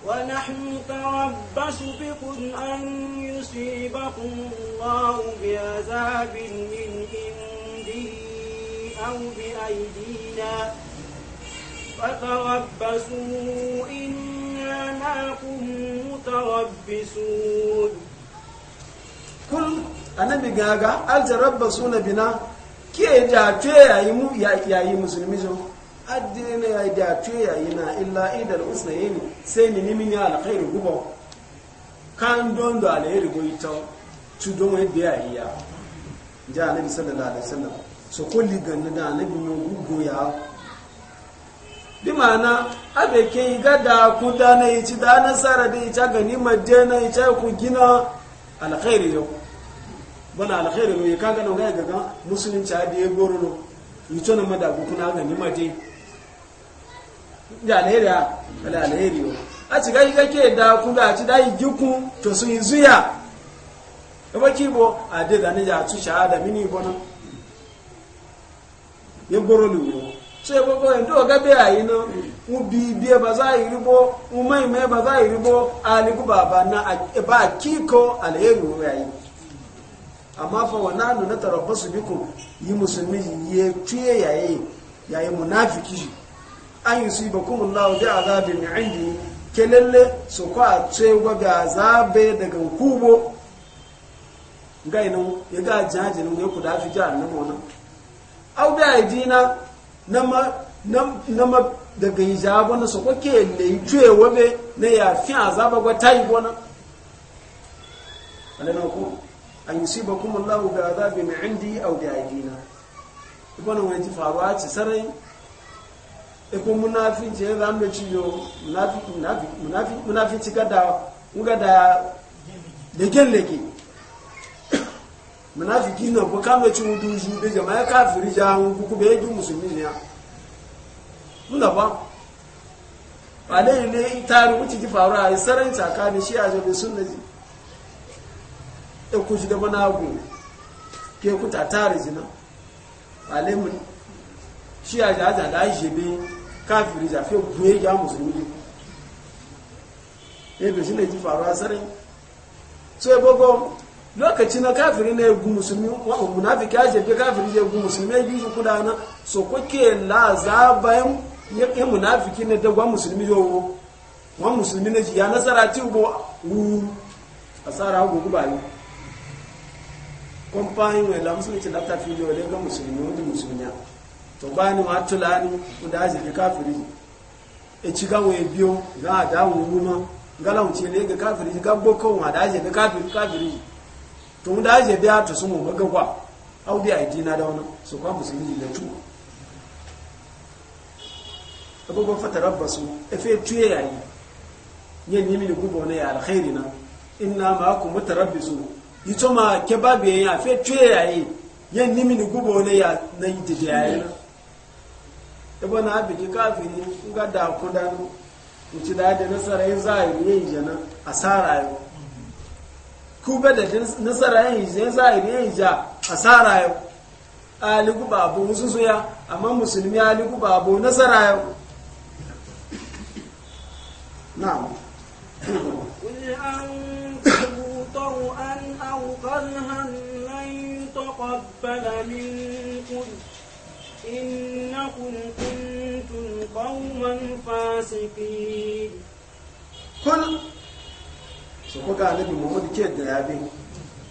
ونحن تربص بكم أن يصيبكم الله بعذاب من إن أو بأيدينا فتربصوا إنا معكم متربصون كل أنا بجاجا ألتربصون بنا ke da to yayi mu yayi musulmi zo addini ne yayi da to yayi na illa idal usnayn sai ni nimin ya alkhairu gubo kan don da alheri go tu don yadda yayi ya ja annabi sallallahu alaihi wasallam so kulli ganna da annabi mun gugu ya bi mana abe ke ga da ku da na yi ci da nasara da yi ta gani madde na yi ta ku gina alkhairi yau bana alkhairi ne ka gana ga ga musulunci a da ya goro no yi to na madagu kuna gani madde da alheri ala alheri yau a ci ga ga da ku da ci da yi giku to sun yi zuya ba kibo a da da ne ya ci shahada mini bonan ye gboro luwo so ye gbogbo ẹ̀ ndóò gẹ́gẹ́ àyí ná mo bi ibi ẹba sáà ìrúbọ mo mọ ìmọ̀ ẹba sáà ìrúbọ na ẹba kíkọ àlẹ́yẹ̀rù rẹ̀ àyí àmọ́ fọwọ́ náà nù nẹ́tọ̀rọ̀ bọ́sù bí ya yí mùsùlùmí yẹ túyẹ̀ yàyẹ yàyẹ mùnáfìkì ayin su ibakum Allah bi kelele su ko a tsewa ga azabe daga kubo ga ya ga jajin au da ji na ma na ma daga hijaba na so kwake ne tuye wabe na ya fi azaba gwa tayi gona alana ko an yusiba kuma Allah bi azabi min indi au da na ibona wani ti faruwa ci sarai eko munafici ya zambe ciyo munafici kada ngada da leke leke munafiki na ko kama ci wudu ju be jama'a kafiri ja hu ku be ju musulmi ne ya muna ba wale ne taru wuce ji faru a saran tsakanin shi a jabe sunna ji e ku ji da bana ku ke ku ta tare jina wale mun shi a ja ja da jebe kafiri ja fi buye ja musulmi ne e be shi ne ji faru a saran so e bogo lokaci na kafiri na yagu musulmi munafiki ya jefe kafiri ya yagu musulmi ya biyu kuda na so kuke la za bayan ya munafiki na dagwa musulmi yowo wa musulmi na ya nasara ci ubo wuru asara hagu guba ne kwamfani mai la musulunci lafta fi yi wale ga musulmi wani musulmi ya to ba ni ma tula ni kuda ya jefe kafiri e ci gawo ya biyo ga adawo ruma galamce ne ga kafiri ga bokon wa da ya jefe kafiri kafiri to da aje biya ta sun mu baka kwa au bi ID na da wani su kwa musulmi da tu abugo fatarabbasu efe tuye yayi yen yimi ni kubo ne alkhairi na inna su mutarabbisu ito ma ke babe ya fe tuye yayi yen yimi mini gubo ne ya na yi yiti yayi ebo na abiki kafiri ga da kudanu ci da da nasara yin yi yin jana asara yau kube da nasara yan hijja yan sa'iri yan a asara yau aliku babu musu amma musulmi aliku babu nasara yau na'am قل أنتم أو لن يتقبل منكم إنكم كنتم قوما فاسقين قل sokoka ko ga muhammad ke da yabe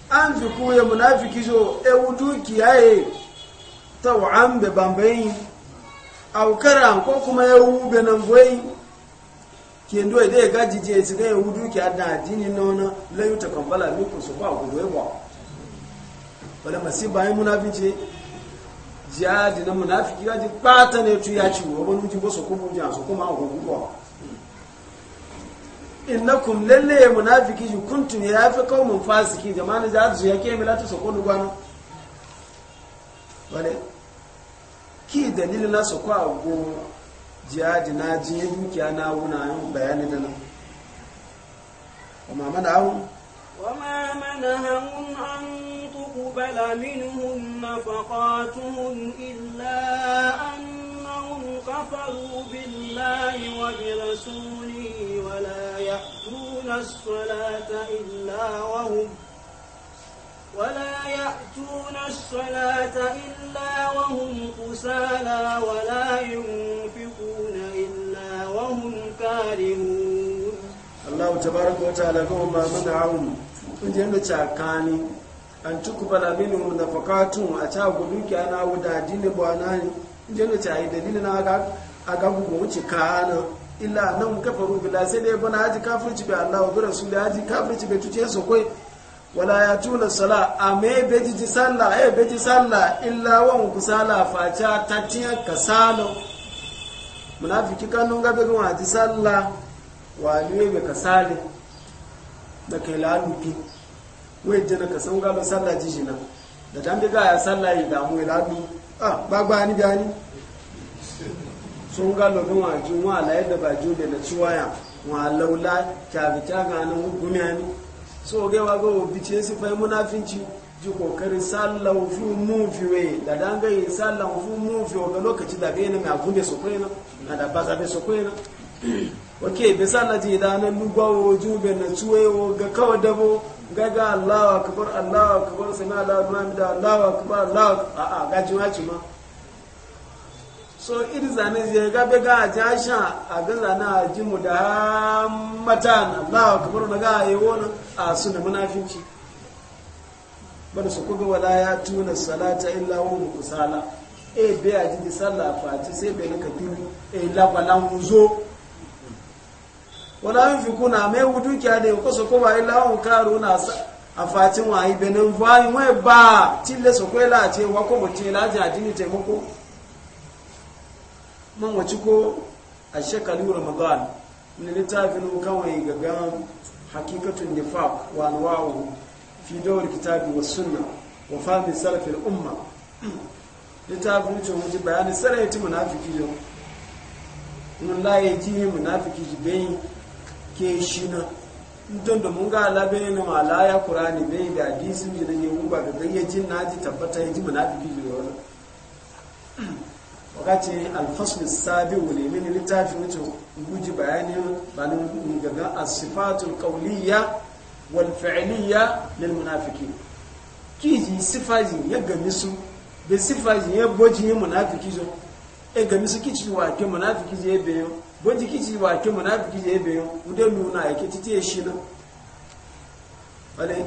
an ji ku ya munafiki jo e wudu kiyaye taw'an be bambayin aw karan ko kuma ya wube nan boyi ke ndo ide ga jije ti ga wudu ki adda la yuta kambala so ba gudu ebo wala masiba munafiki na munafiki ga ji pata ne tu ya ji innakum lalle ya munafiki shi kuntum ya fi kaumun fasiki jama'a za su ya mila ta su kodu gwanu wane ki dalilin na su a goma jihadi na ji dukiya na wuna yin bayani da nan amma mana hau وما منهم أن illa an نفقاتهم إلا أنهم wa bi وبرسوله ولا يأتون الصلاة إلا وهم ولا يأتون الصلاة إلا وهم كسالى ولا ينفقون إلا وهم كارهون الله تبارك وتعالى ما منعهم وجنب تشاكاني an ci kubala minu na fakatun a ca gudu ki ana wuda dini bwana ne inda ta yi dalilin aga gugu wuce kana illa nan kafaru billahi sai dai bana haji kafirci bi Allah wa bi da haji kafirci bi tuce su kai wala ya tuna sala a me beji ji sallah eh beji sallah illa wan kusala faca tatiya kasalo munafiki kan nun gabe gun haji sallah wa ne be kasale da kai duki wai da ka san gaba sallah jina da dan ga ya sallah yi damu lalu ah gba ni ni sun ga lobin waju wa alayar da baju da na ciwaya wa laula kyabita ga nan gumiya ne so ga wa ga obice su fa munafinci ji kokarin sallahu fu fi we da danga yi sallahu fu mufi ga lokaci da gani mai agunde su ina na da baza be su ina oke be sallaji da nan go ju be na ciwe wo ga kawa dabo gaga Allahu akbar Allahu akbar sana Allahu akbar Allahu akbar Allahu a a gaji ma so iri zane zai ga be ga ja sha a ga a ji mu da na lawa kamar na ga yi wona a suna munafinci bada su kuga wala ya tuna salata illa mu kusala e be a ji sallah fati sai be ka tuni e labalan wala muzo wala yin fi kuna mai wudu kya da ko kusa kuma ba illa wa karu na a fatin wa yi benin vayin wai ba tilla su kwela ce wa ko mutin la ji adini taimako man wace ko a shekaru ramadan na littafin kawai gagan hakikatun nifaq wa anwa'u fi dawar kitabi wa sunna wa fahmi salafin umma littafin wuce wuce bayanin sarayyati munafiki yau mun laye ji munafiki bai ke shi na don da mun ga alabe na malaya kurani bai da hadisin da ne ba ga gayyacin naji tabbata ya ji munafiki ce alfasun Sabi sabiu ne littafi wato guji bayanin banin gaga as-sifatul qawliya wal na munafiki munafiqin kiji sifaji ya gami su da sifaji ya boji munafiki zo ya e gami su kici wa ke munafiki je ya yo gwaji kici wa ke munafiki je be yo nuna luna yake titi shi na wale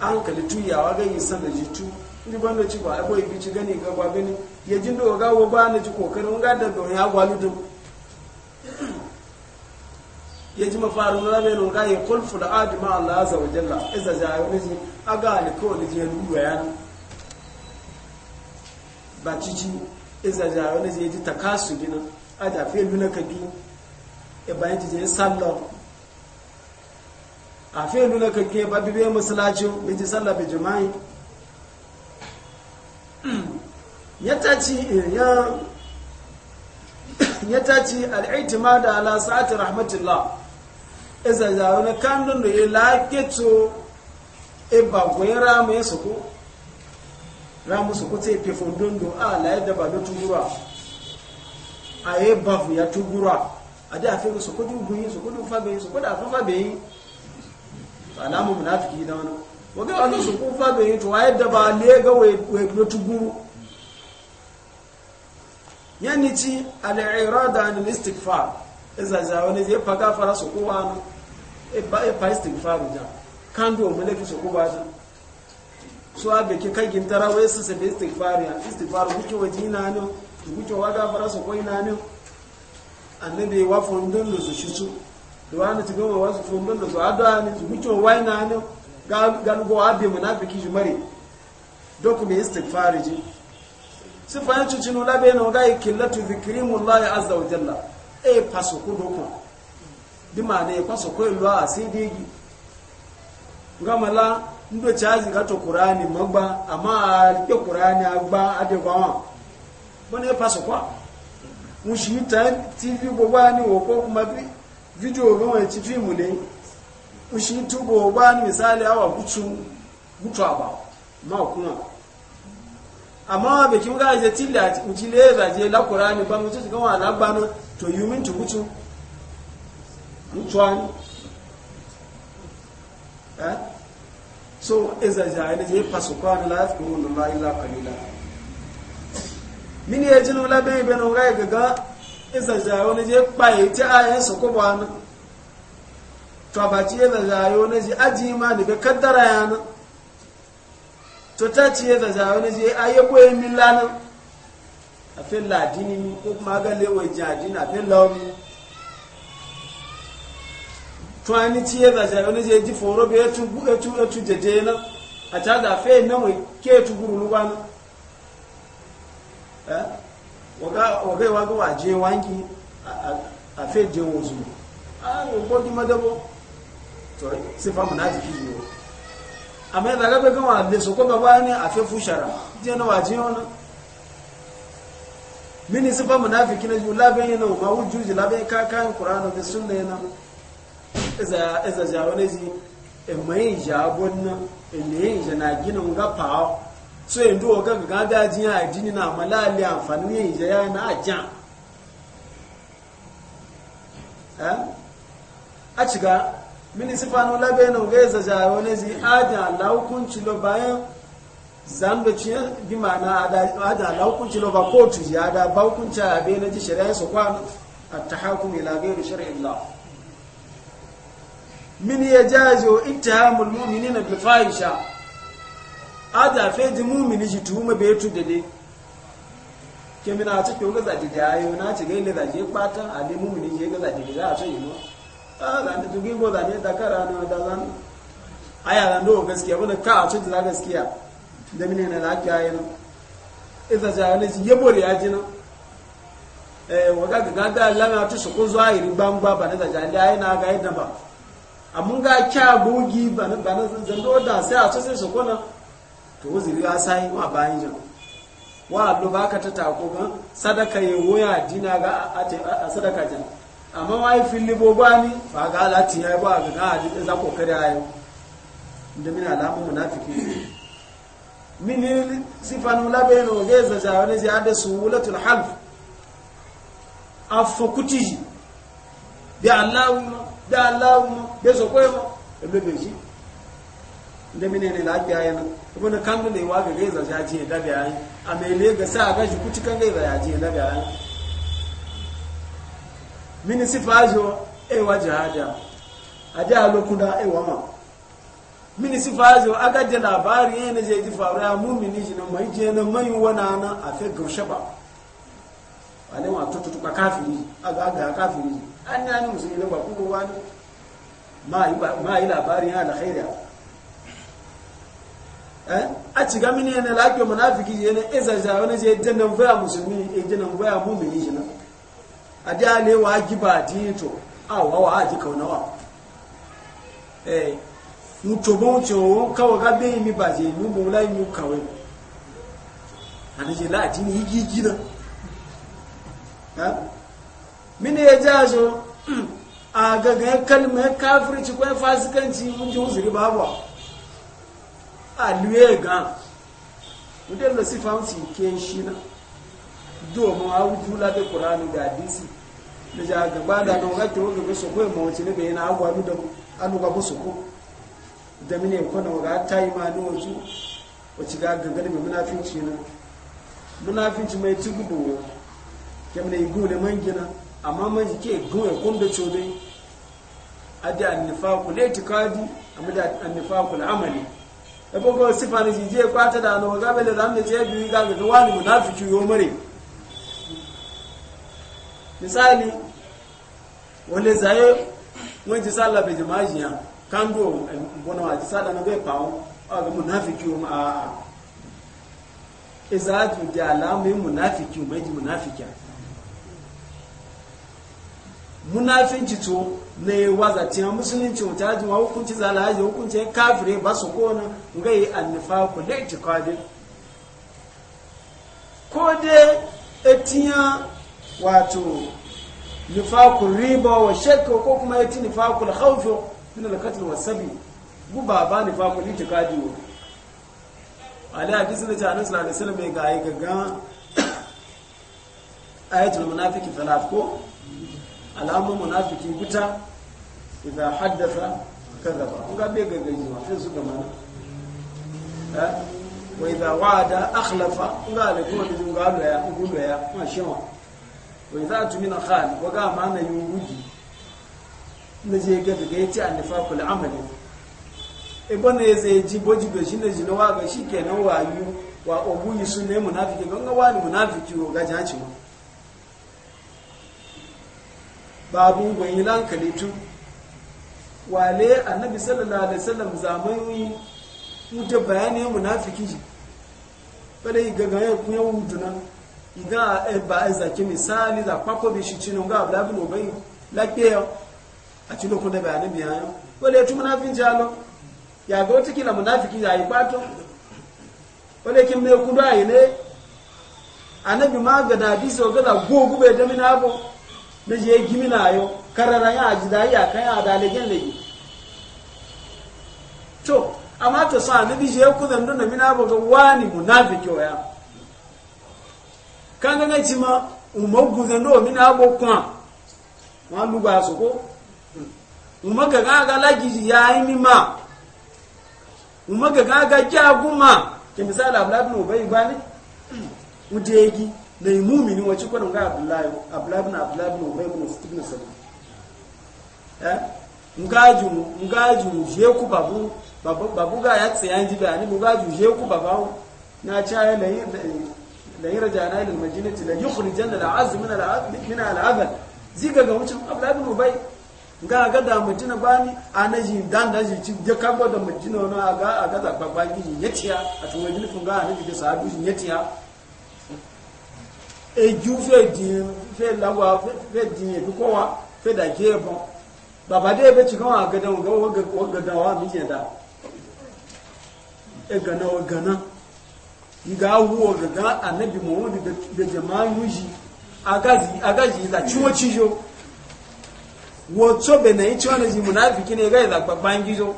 an kalitu yawa ga yi sanar jitu ndi bando ci ba a boy bici gani ga gwa gani ya ji da ga wa ba na ji kokarin ga da don ya gwalu dum ya ji mafarin rabe nun ga ya kulfu da adima Allah azza wa jalla iza ja ya a aga ni ko ni je lu ya ba cici iza ja ya ne ji takasu a aja fe lu na kadu e ba ji je sallah a fe lu na ke ba e be masallaci bi ji sallah bi jama'i ya taci al'aitima da ala sa'ati rahmatullah iza zaune na kandun da ya laketo iba goyi ramu ya suku ramu suku ta yi fundun don a laye da ba da tugura a yi bafu ya tugura a da fi suku kudu guyi su kudu fabe su kudu afin fabe yi alamu munafiki da wani wajen wani suku kudu fabe yi to a yadda ba lega wai tuguru yanni ci al'irada ni istighfar iza za wani zai faga fara su kowa no e ba e istighfar ja kan do mu lafi su kowa ja so abe ke kai gintara wai su sabe istighfar ya istighfar wuce waji na no kuke waga fara su koyi na no annabi wa fondon da su shi su da wani ci goma wasu fondon da su adwa ne su kuke wai na no ga ga go abe munafiki jumare dokume istighfar ji sifa yin cikin wula bai na ga yi killatu zikirimun layi azza wa jalla e faso ku doko dima ne ya faso ku iluwa a sai digi gamala ndo caji gato kurani magba ama a rike kurani agba adegwawa wani ya faso kwa mun shi ta tv gbogbo ni wo ko kuma video gama ci fimu ne mun shi tubo ba ni misali awa gutu gutu aba ma kuna amma wa kin ga je tilla uji le je la qur'ani ba mu tuka wa la gbanu to you mean to mutu mutwan eh so eza ja ne je pasu la ko no la ila qalila mini e jinu la no ga ga ne je pa e ti a yen so ko ba na to ne je aji ma be kaddara yana to ta ci ya zaza zai a ya koyi min lanin a fin ladini mi ko kuma ga lewai jadin a fin launi to an ni ci ya wani zai ji foro bai ya tugu ya tugu ya tugu jaje na a ta da fe na mai ke tugu rulu ba na waga yi waga waje wanki a fe je wozu a yi ko madabo to na munafiki yiwu àmọ́ ẹ̀dà gẹ́gẹ́ kan wà lè sọ́kọ́ bàbá ní àfẹ́fú ṣàrà díẹ̀ náà na. jí ọ̀nà mínísípà mọ̀náfíkí náà jù lábẹ́yìn náà ma wú jù jù na káàkiri kùránà bí súnlẹ̀ náà ẹzàjà wọlé jí ẹ̀mọ̀yìn ìjà abọ́ náà èlé ìjà mini sifanu labe no ga za jawo ne zi ada laukunci lo bayan zando ci bi mana ada ada laukunci lo ba kotu ji ada baukunci abe na ji shari'a su kwa at-tahakum ila ghairi shar'i Allah min yajazu ittahamul mu'minina bi fahisha ada fe ji mu'mini ji tuhuma be tu dede kemina ta ke ga za ji ayo na ci ga ile za ji kwata ade mu'mini ji ga za ji za a so yi no a zanta tun gibo zane da kara na da zan aya zan dogo gaskiya wanda ka a cikin da gaskiya da mine na lafiya yi nan ita ne yabo da ya ji nan eh waga ga gada lana ta su kun zuwa iri gbangba ba na da jahilci yi na ga yadda ba amma ga kya gogi ba na zando da sai a cikin su kuna to wuziri ya sai ma bayan jama'a wa allo baka ta tako ga sadaka ya woya dina ga a sadaka jana amma wai fili bobani ba ga alati yayi ba ga hadi za kokari ayo inda mina alamu munafiki mini sifanu labeno geza za wani ziyada suwulatul half afokutiji bi allahumma bi allahumma ko sokoyma ebe beji inda mina ne lafi ayo kuma na kandu ne wa ga geza za ji da bi ayo amele ga sa ga ji kuti kan geza ya ji da bi ayo mini sifazo ewa jihada aja lokuna ewa ma mini sifazo aga je labari yana je ji faru ya mumini jina na mai je na mai wana na a fe gaushe ba wani wa to tutuka kafiri aga aga kafiri an ya ni musulmi ba kuma wani ma yi ma yi labari yana da khairiya eh a ci ga mini yana lafiya munafiki je ne ezaja wani je jannan baya musulmi e jannan baya mumini shi jina. a da ne wa ji ba ji to a wa wa ji kauna eh mutu ce o kawo ga be mi ba je mu bo lai mu a ani je la ji ni gi gi na ha mine ya ja so a ga ga kalmar kafirci ko fasikanci mun ji uzuri babu a luye ga mutum da sifansu ke shi na domin a wuju labe kuranu da disi. da ja gaba da nan ga to ga su ko mu ci ne bai na agwa da anu ga su ko da mine ko na ga tai ma ni wasu wace ga ganga da munafinci na munafinci mai tugudu kemne igu da mangina amma man ke goye kun da codai adi annifaqu la itikadi amma da annifaqu al'amali da bogo sifani je kwata da no ga bele da amma je biyu ga ga wani munafiki yo mare misali wale zaye wọn ti sáàlá bẹ̀jẹ̀ máa yìí kándò ọ̀nà àti sálà náà bẹ́ẹ̀ pàwọn ọgbẹ̀ mùnáfikí o máa ìsáàtù di àlàmì mùnáfikí o méjì mùnáfikí munafinci to na tí waza ce a musulunci wata yaji wa hukunci zala haji hukunci kafire ba su kona ga yi annifa ku da itikadin ko dai etiyan wato nifakul riba wa shekka ko kuma ya ci nifakul haufi min alkatil wa wasabi guba ba nifakul itikadi ala ya fi da ta annabi sallallahu alaihi mai ga yi gaga ayatul munafiki talaf ko alamun munafiki guta haddasa haddatha kadhaba ga be gaga yi wa sai su ga mana wa idza wa'ada akhlafa ga alƙawari ga Allah ya gudu ya mashawa wai za a tumi na khal ko ga ma na wuji na je ga daga yace an nifaqul amali e bona zai ji boji be shine jina wa ga ke wa wayu wa yi su ne munafiki ga wani munafiki wo ga jaci ma babu gwayin lankalitu wale annabi sallallahu alaihi wasallam zamani mutu bayanin munafiki ji bada yi gagayen kuyan wudunan Nga eh, ba eh, zaki misali za kwakwa bi shi cinu ga ablabi no bai lakiya a ci lokun da bayanin biyayen wale tu munafin jalo ya ga wata kila munafiki ya yi kwato wale kin me kudu ayi ne anabi ma ga da biso ga da gogu bai da mina bo na je gimi na yo karara ya ji da ya kai adale gen legi to amma to sa anabi je ku dan don mina bo ga wani munafiki waya kanga na itima umoguze ndo mina abo kwa waluga asoko ga gaga lagi ya imima ga gaga jaguma ke misali abdullah ibn ubay bani mudegi na imumi wace kwa nga abdullah abdullah ibn abdullah ibn ubay ibn ibn sabu eh ngaju ngaju je ku babu babu ga ya tsayanji bani ngaju je ku babawo na cha yana yin la yarja'na ila al-madinati la yukhrijanna al-azz min al-azz min al-abad ziga ga wucin abla ibn ubay ga ga da a bani anaji dan da ji je kabo da madina na ga aga da babba gidi yatiya a tuwa jilfin ga anaji da sahabu shi yatiya e ju fe di fe lawa fe di e ko wa fe da ke yabon baba de be cikan aga da ga ga wa mi da e gana wa gana ga huwa ga annabi muhammadu da jama'an yuji agaji za ciwo cijo wato benayi ciwo na ji munafiki ne ga za babban gizo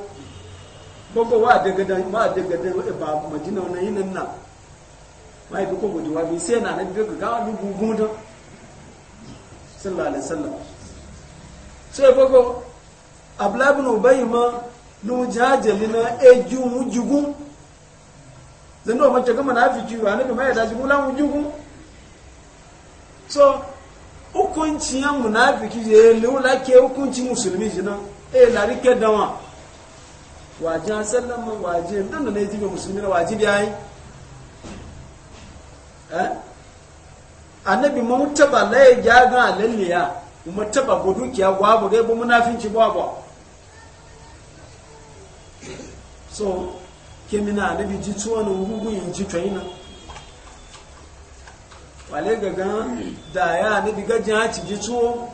gbogbo wa daga da ma daga da e ba madina wannan yinin nan mai bi ko gudu wa bi sai na annabi ga ga lugu gudu sallallahu alaihi wasallam sai gbogbo e abla ibn ubay ma nu jajalina ejumu jugun zando mace gama na fi kiwo anabi mai da jimula mu jugu so hukunci ya munafiki je lula ke hukunci musulmi jina eh la rike dawa waje sallama waje dan da ne jibe musulmi wajibi yayi eh annabi mun taba la ya jaga lalliya kuma taba godukiya gwabo dai bu munafinci gwabo so kemina na biji tuwa na hukuku yin ci twaina wale gaga da ya na biga jin haci ji tuwo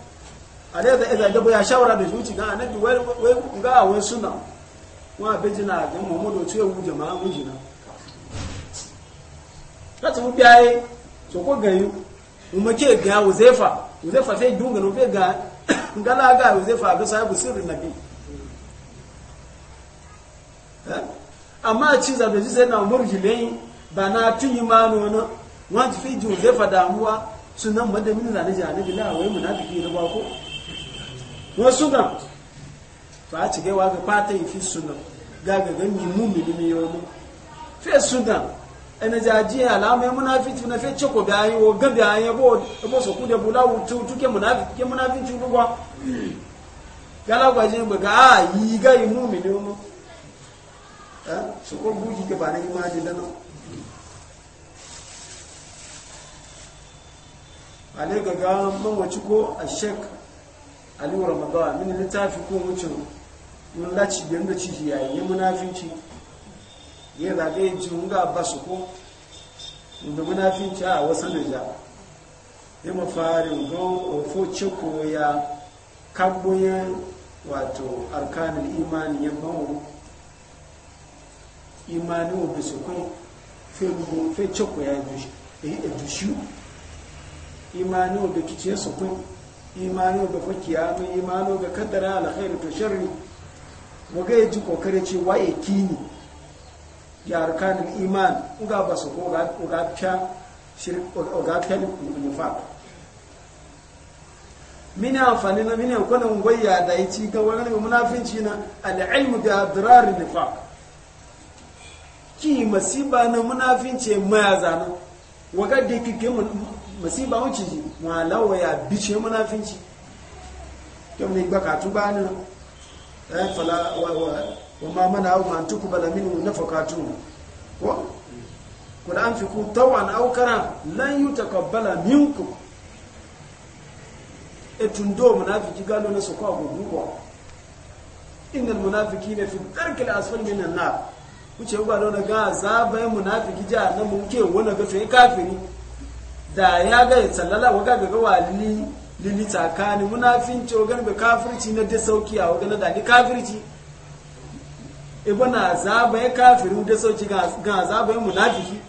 a da ya zai dabo ya shawara da zuci ga na bi wai ga a wani suna wa abe jina ga muhammadu tuwa wu jama'a mu jina ka tafi biyaye so ko gayu mu ke ga uzefa uzefa sai dunga no be ga ngala ga uzefa ga sahibu sirri na eh amma ci zabe ji sai na murji lai ba na tun yi mano wani wani fi ji zai fa damuwa sunan madamin zane jane bila wai munafiki na ba ko wasu ga to a ci gaiwa ga fata yi fi sunan gaga gani mumini ne yau mu fe sunan ene jaji alama ya munafiki na fe choko bi ayi wo gabi ayi bo e bo so kude bula wutu tuke munafiki ke munafiki bugwa gala gwaje ba ga yi ga yi mu su ko buji ke ba na imaji da nan ale gaga mawaci ko a shek aliyu ramadawa mini littafi ko wucin mun laci biyan da ciki yayi ya munafinci ya zagaye ji mun ga ba su ko da munafinci a wasu da ja ya mafarin don ofo ciko ya kabboyan wato arkanin imani ya mawa imani wo beso kwe fe gugu fe choko ya edushu imani wo be kice so kwe imani wo be fa kiyama imani wo be kaddara alkhairi to sharri mo ga ji kokare ce wa ekini ya arkanin iman ba baso ko ga uga pya shirk uga pya ni nifaq mini amfani na mini kwanan gwayya da ya ci ga wani munafinci na al'ilmu da adrar nifaq ki masiba na munafince maya zana waga da kike masiba wuce ji malawa ya bice munafinci kyau ne ba katu ba ni ɗayan eh, fala wa ma mana hau ma tuku bala min na fakatu ko kuna an fi ku tawan aukara lan yi min minku etun do munafiki galo na su kwa gugu ko inda munafiki ne fi ɗarkila asfal min nan na wuce ba da ga zabayin munafiki ji a nan muke wani ga fiye kafiri da ya ga ya tsallala waga gaga ga wali lili tsakani munafinci wagan ga kafirci na da sauki a wagan da ni kafirci ibo na zabayin kafiri da sauki ga zabayin munafiki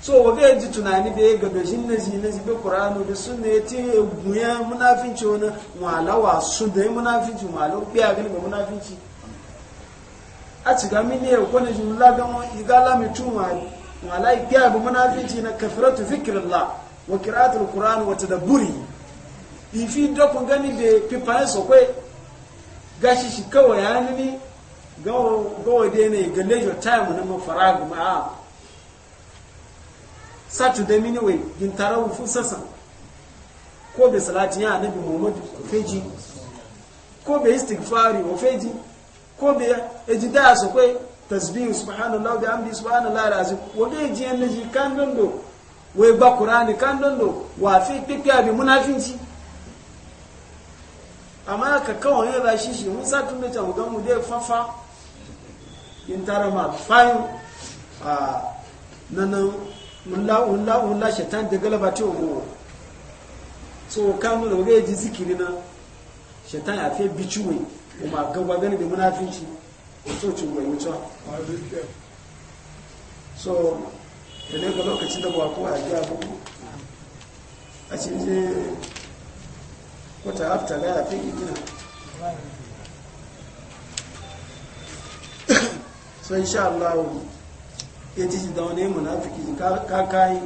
so waga ya ji tunani da ya gaba shi na shi na shi bai kuranu da sun ne ti munafin munafinci wani walawa su da ya munafinci walawa biya gani munafin munafinci a ciga mini ya kone jula ga igala mutum wa la ikiya bi munafici na kafiratu zikrillah wa qira'atul wata da buri ifi do kun gani da pipan so kwe gashi shi kawai ya ni gawo gawo de ne ga leisure time na mafaragu satu da mini wai we gintarawu fusasa ko bai salati ya annabi muhammadu feji ko be istighfari wa feji ko be eji da su kai tasbihu subhanallahi bi amdi subhanallahi alazim wage ji yan ji kan dondo wai ba qur'ani kan dondo wa fi tikiya bi munafinci amma ka kawai yin rashi shi mun sa tun da can ga mu dai fafa in tara ma fayin a nanan mulla mulla mulla shaitan da galaba ta mu so kan da wage ji zikirina shaitan ya fi biciwe kuma gaba gani da munafinci cin mai wuta so da ga lokacin da ba kowa ya bugu a cikin wata hafta na yafi gina so insha Allah ya ji da wani munafiki ka kai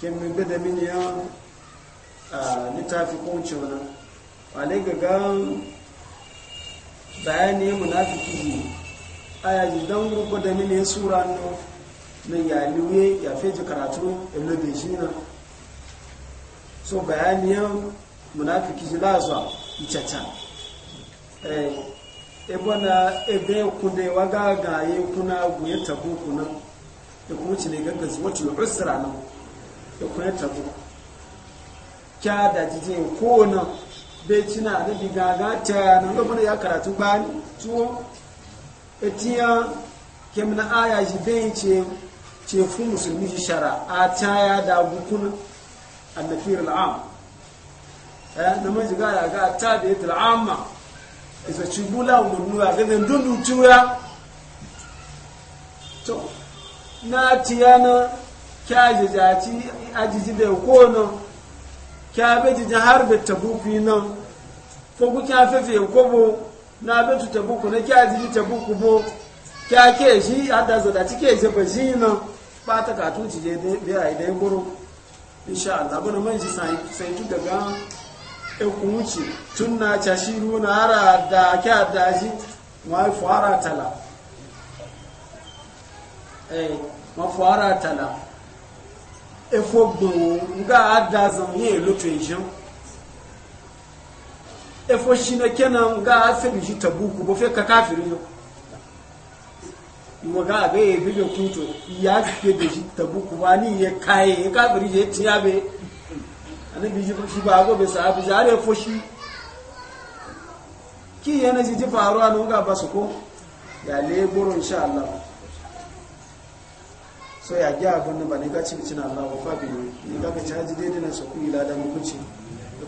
kin min da min ya littafi ko Wa alai ga ga bayani munafiki aya ji dan gurgo da mini sura nuna na ya liwe ya feji karatu shi na. so bayaniyan munafiki ji lazwa icaca eh ebona ebe kunde wa ga kuna guye tabu kuna da kuma ci ne gaggazi wata rusura nan da kuma tabu kya da jije ko bai cina da bi ga ta nan gaba ya karatu bani tuwo etiya kemna aya ji bai ce ce fu musulmi ji shara a ta ya da bukun annafir al'am eh na mun ji ga ga ta da yatul amma isa chibula mun ya ga dan dundu tuya to na tiyana kya jajati ajiji da ko no kya be jiji har tabu fi nan ko ku kya fefe ko bo na betu tabuku na kya zi tabuku bo kya ke shi hada zada cike je ba shi na ba ta ka idan buru. insha Allah bana man shi sai sai tu daga e ku tun na cha shi na ara da kya da shi ma fara tala eh ma fara tala e fo gbo nga hada zan yi lotu ejin efo shina na kenan ga asali shi tabuku bo fe ka kafirin yo mo ga be e bijo kunto ya ke de shi tabuku ba ni ye kai kafiri je tiya be ani bijo shi ba go be sahabi jare efo shi ki yana ji ji faruwa no ga basu ko ya le buru insha Allah so ya ji abin da ba ne ga cin cin Allah wa fabi ne ga ga na su ku ila da